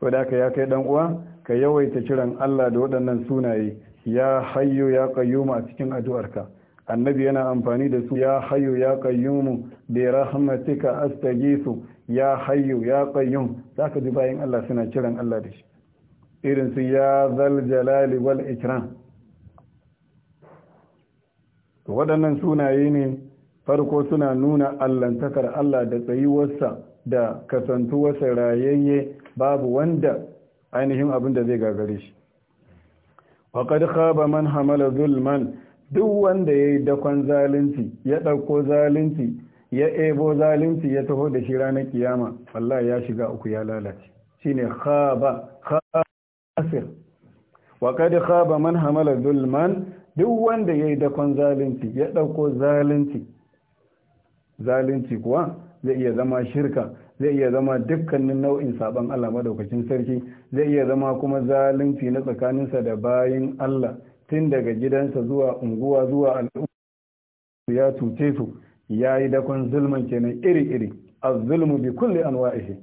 A: wadda da ya kai dan uwa ka yawaita kiran Allah da waɗannan sunaye ya hayyu ya qayyumu a cikin addu'arka annabi yana amfani da su ya hayyu ya qayyumu bi rahmatika astaghiithu ya hayyu ya qayyum zaka ji bayan Allah suna kiran Allah da shi irin su ya zal jalali wal ikram waɗannan sunaye ne farko suna nuna allantakar Allah da tsayuwarsa da kasantuwarsa rayayye babu wanda ainihin abin da zai gagare shi wa qad khaba man hamala zulman duk wanda yayi dakon zalunci ya dauko zalunci ya ebo zalunci ya taho da shi ranar kiyama wallahi ya shiga uku ya lalace shine khaba khasir wa qad khaba man hamala zulman duk wanda yayi dakon zalunci ya dauko zalunci zalunci kuwa zai iya zama shirka zai iya zama dukkanin nau'in saban Allah madaukakin sarki zai iya zama kuma zalunci na tsakaninsa da bayin Allah tun daga gidansa zuwa unguwa zuwa al'umma ya cuce su ya yi dakon zulman kenan iri-iri a zulmu bi kulli wa'ihe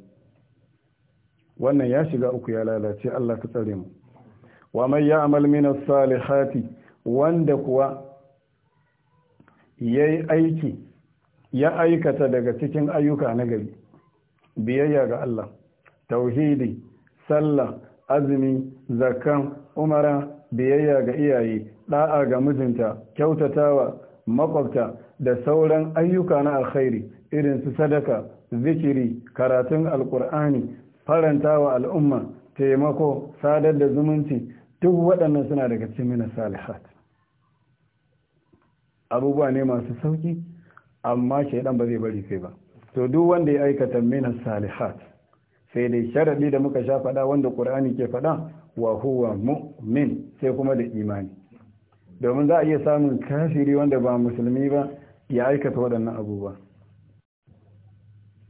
A: wannan ya shiga uku ya lalace Allah ka tsare mu wa man ya'mal min as-salihati wanda kuwa yayi aiki ya aikata daga cikin ayyuka na gari biyayya ga Allah tauhidi sallah azumi zakan umara biyayya ga iyaye da'a ga mijinta kyautatawa makwabta da sauran ayyuka na alkhairi irin su sadaka zikiri karatun alkur'ani farantawa al'umma taimako sadar da zumunci duk waɗannan suna daga cikin mina salihat abubuwa ne masu sauki amma shaidan ba zai bari sai ba to duk wanda ya aikata minas salihat sai dai sharadi da muka sha faɗa wanda ƙur'ani ke faɗa wa huwa mu'min sai kuma da imani domin za a iya samun kafiri wanda ba musulmi ba ya aikata waɗannan abubuwa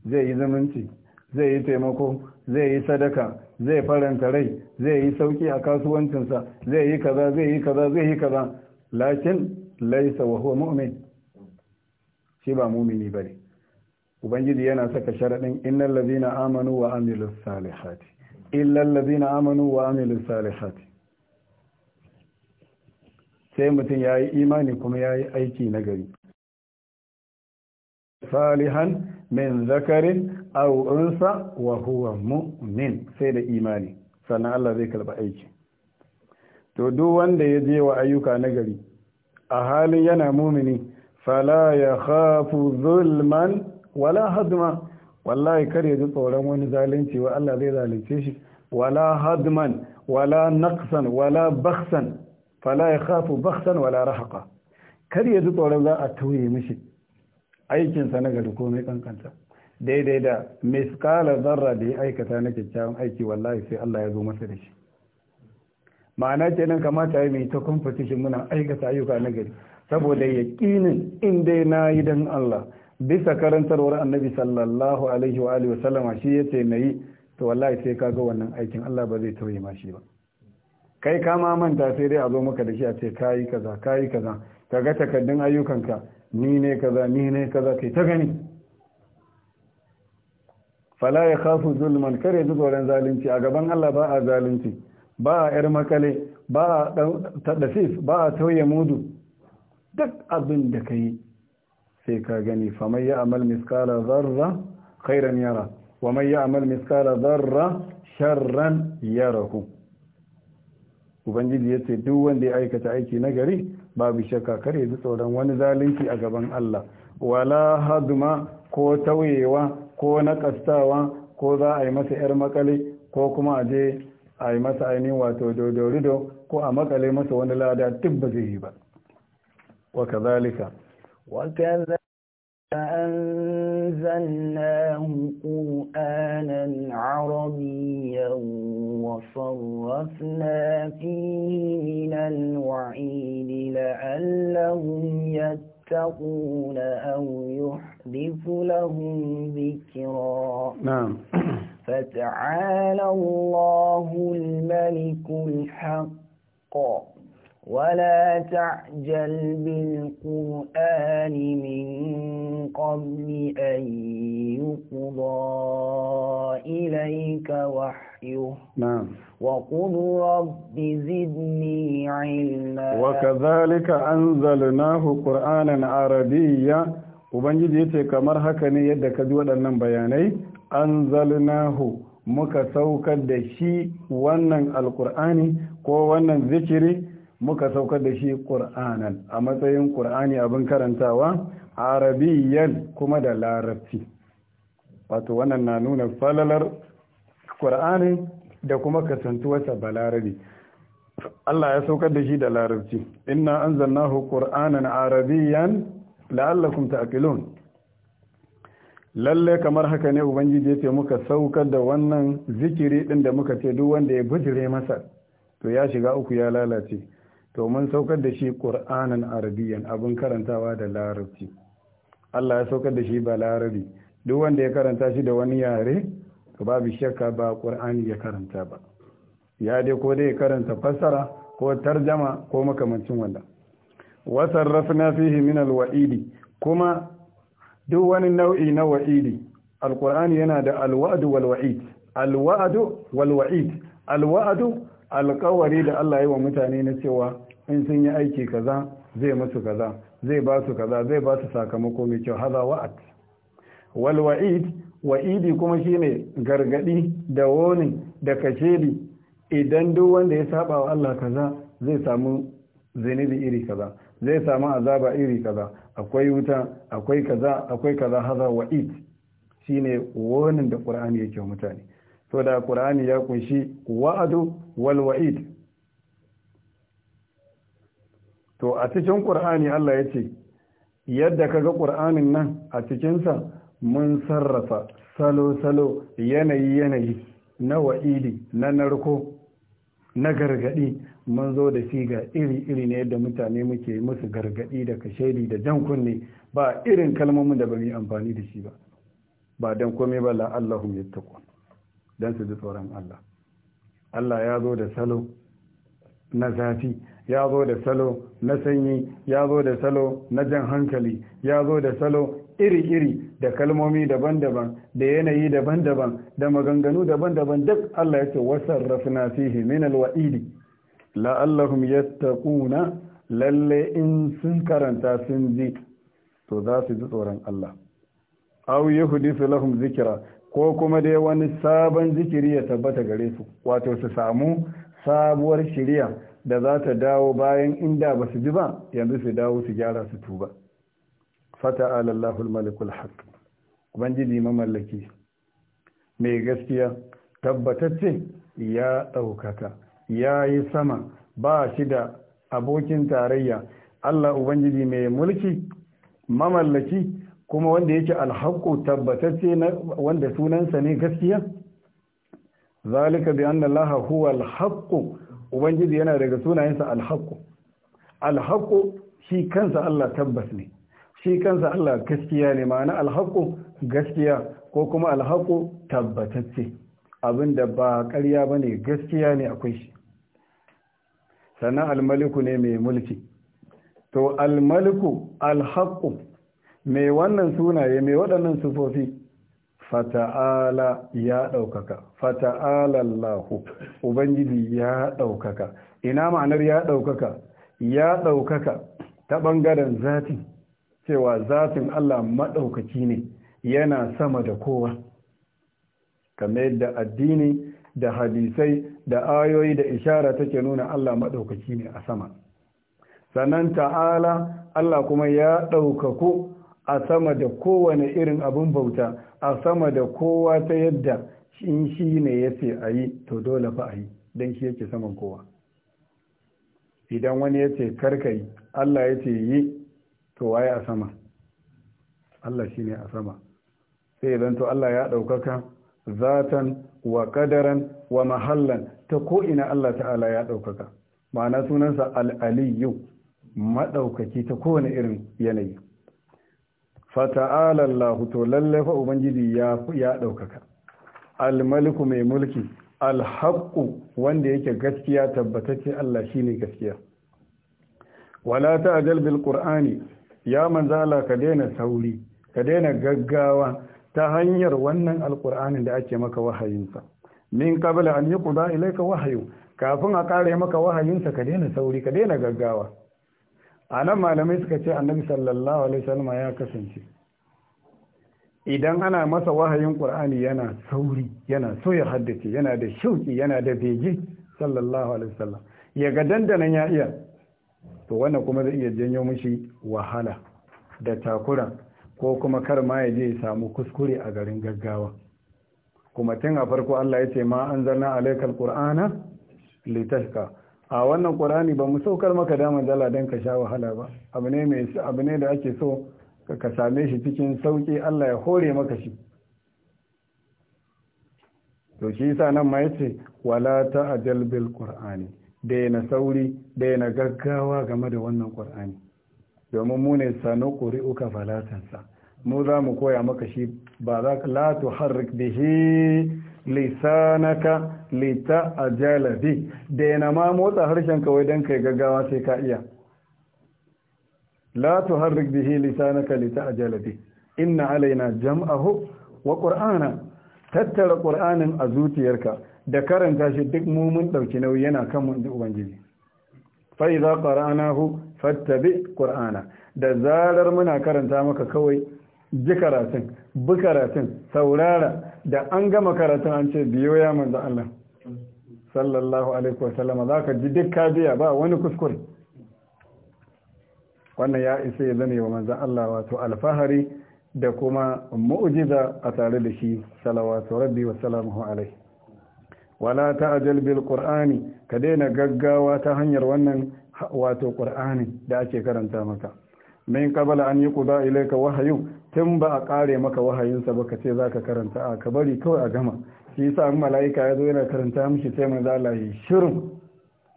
A: zai yi zumunci zai yi taimako zai yi sadaka zai faranta rai zai yi sauki a kasuwancinsa zai yi kaza zai yi kaza zai yi kaza lakin laisa wa huwa mu'min shi ba mumini bane ubangiji yana saka sharaɗin innal ladina amanu wa amilus salihati illal ladina amanu wa amilus salihati sai mutum ya yi imani kuma ya yi aiki nagari salihan min zakarin aw wa huwa mu'min sai da imani sannan Allah zai karɓi aiki to duk wanda ya je wa ayyuka nagari a halin yana mumini fala ya khafu zulman wala hadma wallahi kar ya tsoron wani zalunci wa Allah zai zalunce shi wala hadman wala naqsan wala bakhsan fala yakhafu bakhsan wala rahqa kar ya ji tsoron za a tauye mishi aikin sa na gari komai kankanta daidai da miskala zarra da ya aikata na kyakkyawan aiki wallahi sai Allah ya zo masa da shi ma'ana kenan kamata ya mai ta competition muna aikata ayyuka na gari saboda yaƙinin in dai na yi don Allah bisa karantarwar annabi sallallahu alaihi wa alihi wasallama shi yace nayi to wallahi sai kaga wannan aikin Allah ba zai tauye ma shi ba kai ka ma manta sai dai a zo maka da shi a ce kayi kaza kayi kaza kaga takaddun ayyukanka ni ne kaza ni ne kaza kai ta gani fala ya khafu zulman kare ji zalunci a gaban Allah ba a zalunci ba a yar makale ba a tadasif ba a tauye mudu duk abin da kai sai ka gani faman ya amal miskala zarra khairan yara wa mai ya amal miskala zarra sharran yarahu ubangiji ya ce duk wanda ya aikata aiki na gari babu shakka ya ji tsoron wani zalunci a gaban Allah wala haduma ko tawayewa ko nakastawa ko za a yi masa yar makale ko kuma a je a yi masa ainihin wato dodorido ko a makale masa wani lada duk zai yi ba wa kazalika
B: وكذا أنزلناه قرآنا عربيا وصرفنا فيه من الوعيد لعلهم يتقون أو يحدث لهم ذكرا نعم فتعالى الله الملك الحق ولا تعجل بالقرآن من قبل أن يقضى إليك وحيه نعم وقل رب زدني علما
A: وكذلك أنزلناه قرآنا عربيا Ubangiji ya ce kamar haka ne yadda ka ji waɗannan bayanai, an zalnahu muka saukar da shi wannan alkur'ani ko wannan zikiri muka saukar da shi ƙur'anan a matsayin ƙur'ani abin karantawa arabiyyan kuma da larabci wato wannan na nuna falalar ƙur'ani da kuma kasantuwarsa balarabi Allah ya saukar da shi da larabci Ina an inna anzalnahu qur'anan arabiyyan la'allakum ta'qilun lalle kamar haka ne ubangiji ya ce muka saukar da wannan zikiri din da muka ce duk wanda ya bijire masa to ya shiga uku ya lalace to mun saukar da shi ƙur'anin arabiyan abin karantawa da larabci Allah ya saukar da shi ba larabi duk wanda ya karanta shi da wani yare to babu shakka ba ƙur'ani ya karanta ba ya dai ko dai karanta fassara ko tarjama ko makamancin wanda wasarrafna fihi min alwa'idi kuma duk wani nau'i na wa'idi alqur'ani yana da alwa'du walwa'id alwa'du walwa'id alwa'du alkawari da Allah yi wa mutane na cewa in sun yi aiki kaza zai musu kaza zai ba su kaza zai ba su sakamako mai kyau haza wa'ad wal wa'id wa'idi kuma shine gargadi da woni da kashedi idan duk wanda ya saba wa Allah kaza zai samu zinubi iri kaza zai samu azaba iri kaza akwai wuta akwai kaza akwai kaza haza wa'id shine wonin da Qur'ani yake mutane to da Qur'ani ya kunshi wa'adu walwa'id to a cikin ƙur'ani Allah ya ce yadda kaga ƙur'anin nan a cikinsa mun sarrafa salo-salo yanayi-yanayi na wa'idi na narko na gargadi mun zo da siga iri-iri ne yadda mutane muke musu gargadi da kashedi da jan kunne ba irin kalmomin da ba mu yi amfani da shi ba ba don komai ba la'allahum yattaqun dan su ji tsoron Allah Allah ya zo da salo na zafi ya zo da salo na sanyi ya zo da salo na jan hankali ya zo da salo iri-iri da kalmomi daban-daban da yanayi daban-daban da maganganu daban-daban duk Allah ya ce wasan rafina fihe min alwa'idi la'allahum ya taƙuna lalle in sun karanta sun ji to za su ji tsoron Allah aw su lahum zikira. ko kuma dai wani sabon zikiri ya tabbata gare su wato su samu sabuwar shirya da za ta dawo bayan inda ba su ji ba yanzu su dawo su gyara su tuba fata alallahul malikul haq ubangiji mamallaki mai gaskiya tabbatacce ya ɗaukaka ya yi sama ba shi da abokin tarayya Allah Ubangiji mai mulki mamallaki kuma wanda yake alhaƙo tabbatacce wanda sunansa ne gaskiya zalika bi anna allaha huwa alhaqqu ubangiji yana daga sunayensa alhaqqu alhaqqu shi kansa Allah tabbas ne shi kansa Allah gaskiya ne ma'ana alhaqqu gaskiya ko kuma alhaqqu tabbatacce abinda ba ƙarya bane gaskiya ne akwai shi sannan almaliku ne mai mulki to almaliku alhaqqu mai wannan sunaye mai waɗannan sufofi fata'ala ya ɗaukaka fata'ala Allahu ubangiji ya ɗaukaka ina ma'anar ya ɗaukaka ya ɗaukaka ta ɓangaren zatin cewa zatin Allah maɗaukaki ne yana sama da kowa kamar yadda addini da hadisai da ayoyi da ishara take nuna Allah maɗaukaki ne a sama sannan ta'ala Allah kuma ya ɗaukaku a sama da kowane irin abin bauta a sama da kowa ta yadda in shi ne ya ce a yi to dole fa a yi don shi yake saman kowa idan wani ya ce karkai yi allah ya ce yi to waye a sama allah shi ne a sama sai idan to allah ya ɗaukaka zatan wa ƙadaran wa mahallan ta ko'ina allah ta'ala ya ɗaukaka ma'ana sunansa al'aliyu maɗaukaki ta kowane irin yanayi fata'ala Allah to lalle fa ubangiji ya ya daukaka al-maliku mai mulki al-haqqu wanda yake gaskiya tabbatacce Allah shine gaskiya wala ta'jal bil qur'ani ya manzo Allah ka daina sauri ka daina gaggawa ta hanyar wannan alqur'anin da ake maka wahayinsa min qabla an yuqda ilayka wahyu kafin a kare maka wahayinsa ka daina sauri ka daina gaggawa a nan malamai suka ce annabi sallallahu alaihi wasallam ya kasance idan ana masa wahayin qur'ani yana sauri yana so ya haddace yana da shauki yana da bege sallallahu alaihi wasallam ya ga dandanan ya iya to wannan kuma zai iya janyo mishi wahala da takura ko kuma kar ma ya je ya samu kuskure a garin gaggawa kuma tun a farko Allah ya ce ma anzalna alaikal qur'ana litashqa a wannan qur'ani ba mu saukar maka damar jala don ka sha wahala ba abu ne da ake so ka same shi cikin sauki Allah ya hore maka shi to shi yasa nan ma yace wala ta'jal bil qur'ani daina sauri daina gaggawa game da wannan qur'ani domin mu ne sanu qur'uka falatansa mu za mu koya maka shi ba za ka la tuharrik bihi lisanaka lita ajala bi daina ma motsa harshen kawai don kai gaggawa sai ka iya la tuharrik bihi lisanaka lita ajala bi inna alaina jam'ahu wa qur'ana tattara qur'anin a zuciyarka da karanta shi duk mumun dauki nauyi yana kan mun ubangiji fa idza qara'nahu fattabi qur'ana da zarar muna karanta maka kawai ji karatun bi karatun saurara da an gama karatun an ce biyo ya manzo Allah sallallahu alaihi wasallam za ka ji duk biya ba wani kuskure wannan ya isa ya zama wa manzan Allah wato alfahari da kuma mu'jiza a tare da shi salawatu rabbi wa salamuhu alaihi wala ta'jal bil qur'ani ka daina gaggawa ta hanyar wannan wato qur'ani da ake karanta maka min kabala an yi yuqda ka wahayu tun ba a kare maka wahayinsa ba ka ce za ka karanta a ka bari kawai a gama shi sa an malaika ya zo yana karanta mishi sai mai Allah ya shirin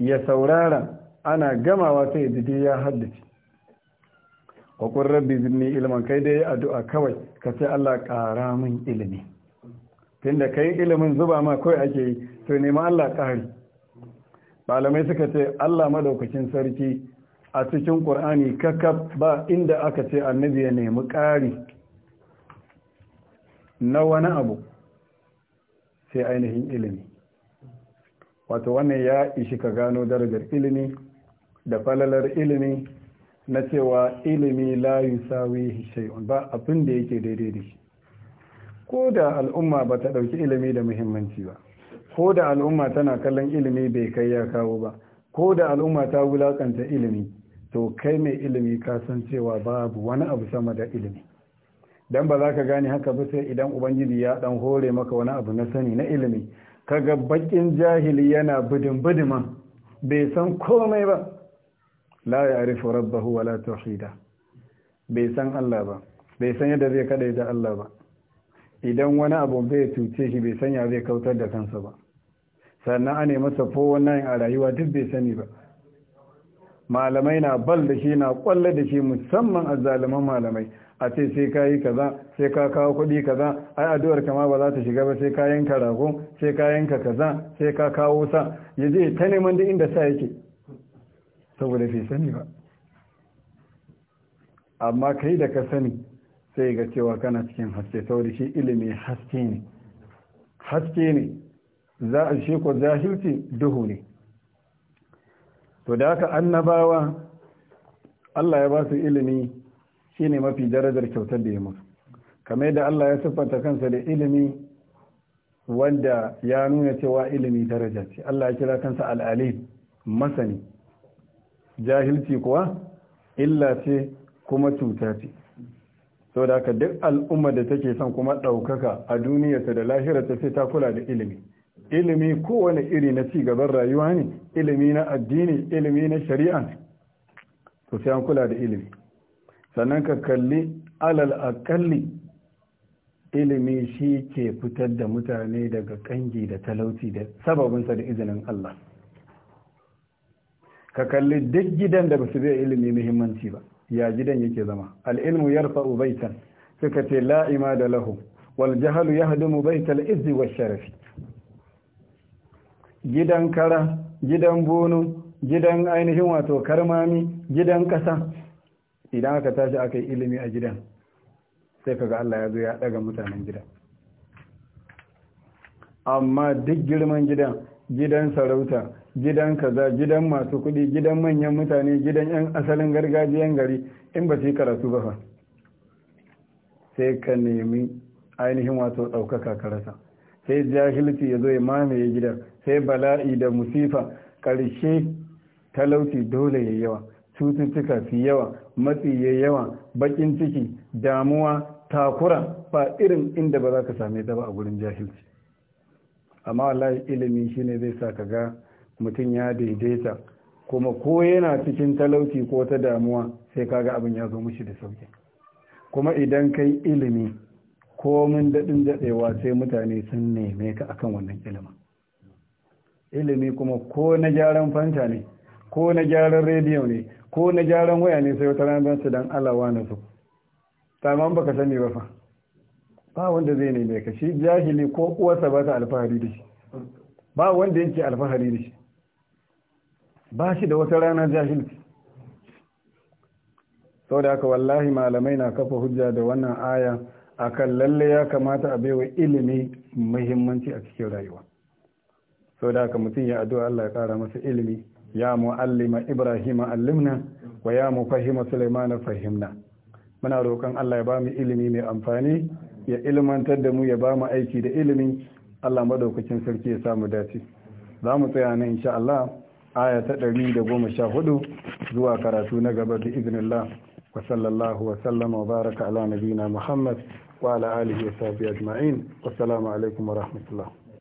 A: ya saurara ana gamawa sai ya ya haddace wa kun rabbi zinni ilimin kai dai addu'a kawai ka ce Allah ƙara min ilimi tunda kai ilimin zuba ma kawai ake yi to nema Allah ƙari malamai suka ce Allah madaukakin sarki a cikin ƙur'ani kakaf ba inda aka ce annabi ya nemi ƙari na wani abu sai ainihin ilimi wato wannan ya ishi ka gano darajar ilimi da falalar ilimi na cewa ilimi la sawi shay'un ba abin da yake daidai da shi ko da al'umma ba ta ɗauki ilimi da muhimmanci ba ko da al'umma tana kallon ilimi bai kai ya kawo ba ko da al'umma ta wulakanta ilimi to kai mai ilimi ka san cewa babu wani abu sama da ilimi dan ba za ka gane haka ba sai idan ubangiji ya dan hore maka wani abu na sani na ilimi kaga bakin jahili yana bidin bidiman bai san komai ba la ya'rifu rabbahu wala tauhida bai san Allah ba bai san yadda zai kada da Allah ba idan wani abu bai tuce shi bai san ya zai kautar da kansa ba sannan a ne masa nan a rayuwa duk bai sani ba malamai na bal da shi na kwallo da shi musamman a zaliman malamai a ce sai ka yi kaza sai ka kawo kuɗi kaza ai addu'ar ma ba za ta shiga ba sai ka rago sai ka kaza sai ka kawo sa ya je ta neman duk inda sa yake saboda fi sani ba amma kai da ka sani sai ga cewa kana cikin haske saboda shi ilimi haske ne haske ne za a shi ko jahilci duhu ne to da haka annabawa Allah ya ba su ilimi shine mafi darajar kyautar da ya musu kamar da Allah ya siffanta kansa da ilimi wanda ya nuna cewa ilimi daraja ce Allah ya kira kansa al'alim masani jahilci kuwa illa ce kuma cuta ce da duk al'ummar da take son kuma ɗaukaka a duniyarta da lahirarta sai ta kula da ilimi ilimi kowane iri na ci gaban rayuwa ne ilimi na addini ilimi na shari'a to sai an kula da ilimi sannan ka kalli alal akalli ilimi shi ke fitar da mutane daga kangi da talauci da sababinsa da izinin Allah ka kalli duk gidan da basu bai ilimi muhimmanci ba ya gidan yake zama al'ilmu yarfa'u baitan suka ce la'ima da lahu wal jahalu mu baital izzi wash sharafi gidan kara gidan bono gidan ainihin wato karmami gidan ƙasa idan aka tashi aka yi ilimi a gidan sai kaga Allah ya zo ya daga mutanen gidan amma duk girman gidan gidan sarauta gidan kaza gidan masu kuɗi gidan manyan mutane gidan 'yan asalin gargajiyan gari in ba su yi karatu ba sai ka nemi ainihin wato ɗaukaka karasa sai jahilci ya zo ya mamaye gidan sai bala'i da musifa ƙarshe talauci dole ya yawa cututtuka su yawa matsi ya yawa bakin ciki damuwa takura ba irin inda ba za ka same ta ba a gurin jahilci amma wallahi ilimi shine zai sa ka ga mutum ya daidaita kuma ko yana cikin talauci ko ta damuwa sai ka ga abin ya zo mushi da sauki kuma idan kai ilimi komin daɗin daɗewa sai mutane sun neme ka akan wannan ilimin ilimi kuma ko na gyaran fanta ne ko na gyaran rediyo ne ko na gyaran waya ne sai wata ranar su dan alawa na su tamam baka sani ba fa ba wanda zai neme ka shi jahili ko uwarsa ba ta alfahari da shi ba wanda yake alfahari da shi ba shi da wata rana jahilci sau da aka wallahi malamai na kafa hujja da wannan aya akan lalle ya kamata a baiwa ilimi muhimmanci a cikin rayuwa sau da haka mutum ya addu'a Allah ya kara masa ilimi ya mu'allima Ibrahim allimna wa ya fahima Sulaiman fahimna muna roƙon Allah ya ba mu ilimi mai amfani ya ilimantar da mu ya ba mu aiki da ilimi Allah madaukakin sarki ya samu dace za mu tsaya nan insha Allah aya ta ɗari da goma sha hudu zuwa karatu na gaba da iznillah wa sallallahu wa sallama wa baraka ala nabina Muhammad وعلى آله وصحبه أجمعين والسلام عليكم ورحمة الله